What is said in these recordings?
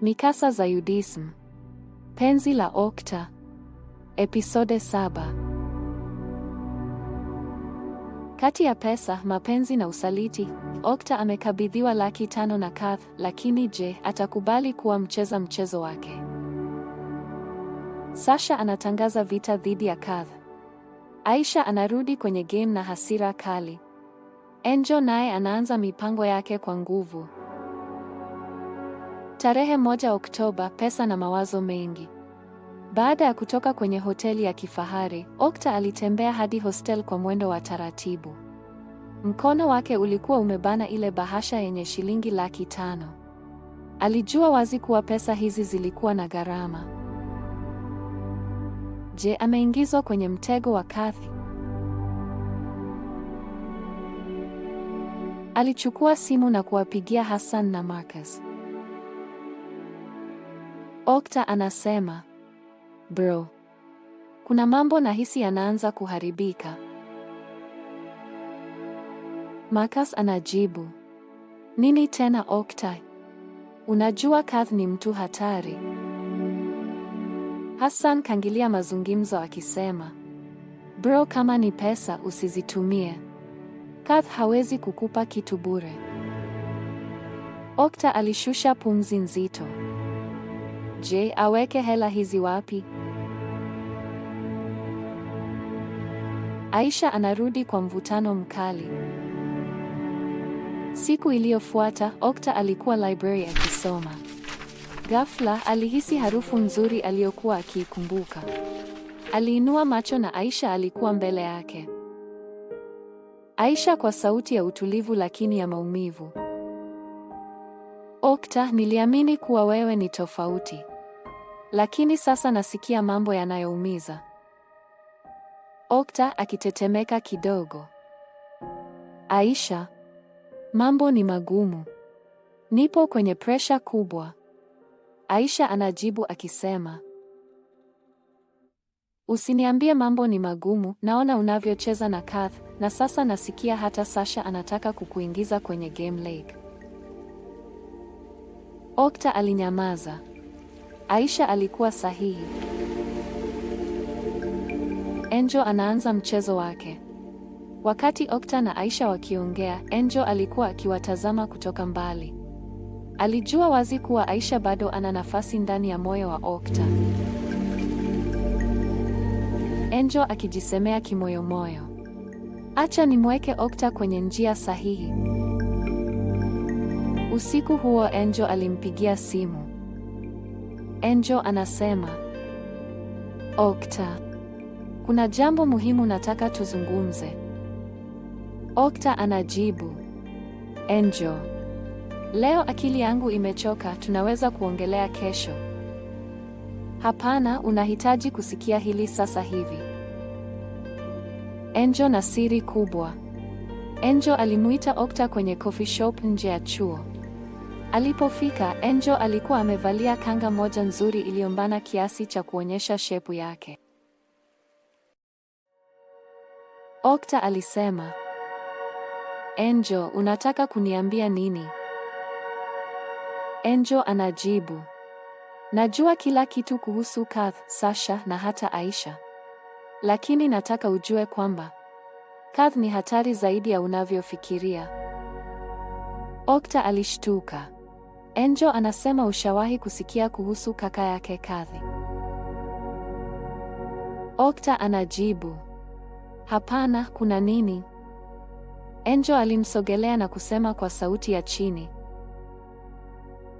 Mikasa za Yudism. Penzi la Okta. Episode saba. Kati ya pesa, mapenzi na usaliti, Okta amekabidhiwa laki tano na Kath, lakini je, atakubali kuwa mcheza mchezo wake? Sasha anatangaza vita dhidi ya Kath. Aisha anarudi kwenye game na hasira kali. Enjo naye anaanza mipango yake kwa nguvu. Tarehe moja Oktoba, pesa na mawazo mengi. Baada ya kutoka kwenye hoteli ya kifahari, Okta alitembea hadi hostel kwa mwendo wa taratibu. Mkono wake ulikuwa umebana ile bahasha yenye shilingi laki tano. Alijua wazi kuwa pesa hizi zilikuwa na gharama. Je, ameingizwa kwenye mtego wa Kathy? Alichukua simu na kuwapigia Hassan na Marcus. Okta anasema, bro, kuna mambo nahisi yanaanza kuharibika. Marcus anajibu, nini tena Okta? Unajua Kath ni mtu hatari. Hassan kangilia mazungumzo akisema, bro, kama ni pesa usizitumie. Kath hawezi kukupa kitu bure. Okta alishusha pumzi nzito. Je, aweke hela hizi wapi? Aisha anarudi kwa mvutano mkali. Siku iliyofuata, Okta alikuwa library akisoma. Ghafla alihisi harufu nzuri aliyokuwa akiikumbuka. Aliinua macho na Aisha alikuwa mbele yake. Aisha kwa sauti ya utulivu lakini ya maumivu. Okta, niliamini kuwa wewe ni tofauti. Lakini sasa nasikia mambo yanayoumiza. Okta akitetemeka kidogo. Aisha, mambo ni magumu. Nipo kwenye presha kubwa. Aisha anajibu akisema, Usiniambie mambo ni magumu, naona unavyocheza na Kath, na sasa nasikia hata Sasha anataka kukuingiza kwenye game lake. Okta alinyamaza. Aisha alikuwa sahihi. Enjo anaanza mchezo wake. Wakati Okta na Aisha wakiongea, Enjo alikuwa akiwatazama kutoka mbali. Alijua wazi kuwa Aisha bado ana nafasi ndani ya moyo wa Okta. Enjo akijisemea kimoyomoyo, acha nimweke Okta kwenye njia sahihi. Usiku huo Enjo alimpigia simu. Angel anasema, Okta, kuna jambo muhimu nataka tuzungumze. Okta anajibu, Angel, leo akili yangu imechoka, tunaweza kuongelea kesho. Hapana, unahitaji kusikia hili sasa hivi. Angel na siri kubwa. Angel alimuita Okta kwenye coffee shop nje ya chuo. Alipofika, Angel alikuwa amevalia kanga moja nzuri iliyombana kiasi cha kuonyesha shepu yake. Okta alisema, Angel, unataka kuniambia nini? Angel anajibu, najua kila kitu kuhusu Kath, Sasha na hata Aisha, lakini nataka ujue kwamba Kath ni hatari zaidi ya unavyofikiria. Okta alishtuka enjo anasema ushawahi kusikia kuhusu kaka yake Kathy? Okta anajibu, hapana, kuna nini? enjo alimsogelea na kusema kwa sauti ya chini,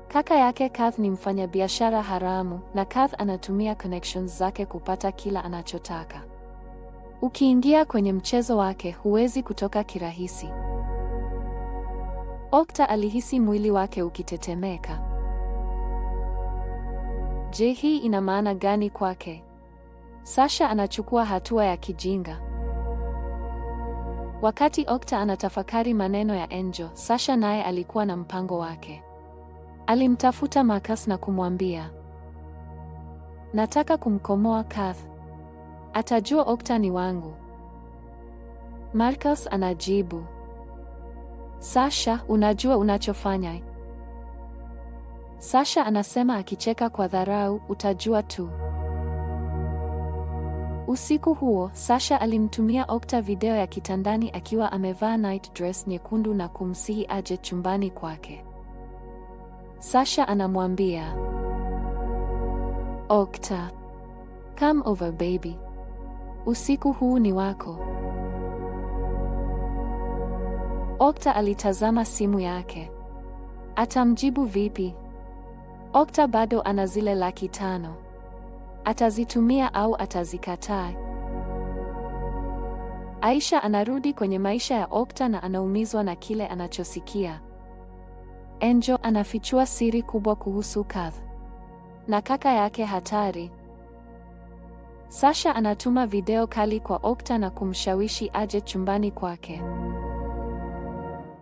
kaka yake Kath ni mfanyabiashara haramu na Kath anatumia connections zake kupata kila anachotaka. Ukiingia kwenye mchezo wake, huwezi kutoka kirahisi. Okta alihisi mwili wake ukitetemeka. Je, hii ina maana gani kwake? Sasha anachukua hatua ya kijinga. Wakati Okta anatafakari maneno ya Angel, Sasha naye alikuwa na mpango wake. Alimtafuta Marcus na kumwambia, nataka kumkomoa Kath, atajua Okta ni wangu. Marcus anajibu Sasha, unajua unachofanya. Sasha anasema akicheka kwa dharau, utajua tu. Usiku huo, Sasha alimtumia Okta video ya kitandani akiwa amevaa night dress nyekundu na kumsihi aje chumbani kwake. Sasha anamwambia, Okta, come over baby. Usiku huu ni wako. Okta alitazama simu yake. Atamjibu vipi? Okta bado ana zile laki tano. Atazitumia au atazikataa? Aisha anarudi kwenye maisha ya Okta na anaumizwa na kile anachosikia. Angel anafichua siri kubwa kuhusu Kath na kaka yake hatari. Sasha anatuma video kali kwa Okta na kumshawishi aje chumbani kwake.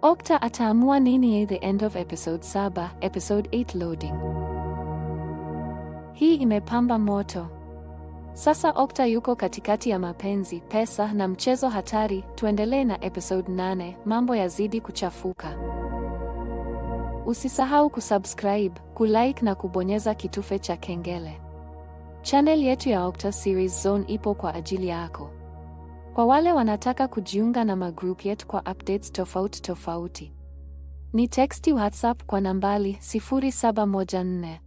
Okta ataamua nini the end of episode 7, episode 8 loading. Hii imepamba moto. Sasa Okta yuko katikati ya mapenzi, pesa na mchezo hatari. Tuendelee na episode 8, mambo yazidi kuchafuka. Usisahau kusubscribe, kulike na kubonyeza kitufe cha kengele. Channel yetu ya Okta Series Zone ipo kwa ajili yako. Kwa wale wanataka kujiunga na magroup yetu kwa updates tofauti tofauti, ni teksti WhatsApp kwa nambali 0714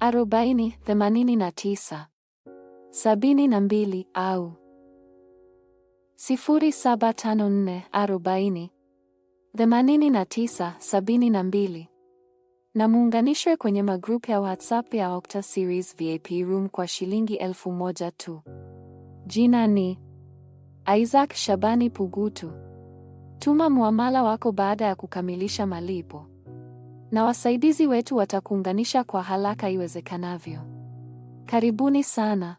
40 89 72 au 0754 na muunganishwe kwenye magroup ya WhatsApp ya Octa Series VIP Room kwa shilingi elfu moja tu. Jina ni Isaac Shabani Pugutu. Tuma muamala wako baada ya kukamilisha malipo, na wasaidizi wetu watakuunganisha kwa haraka iwezekanavyo. Karibuni sana.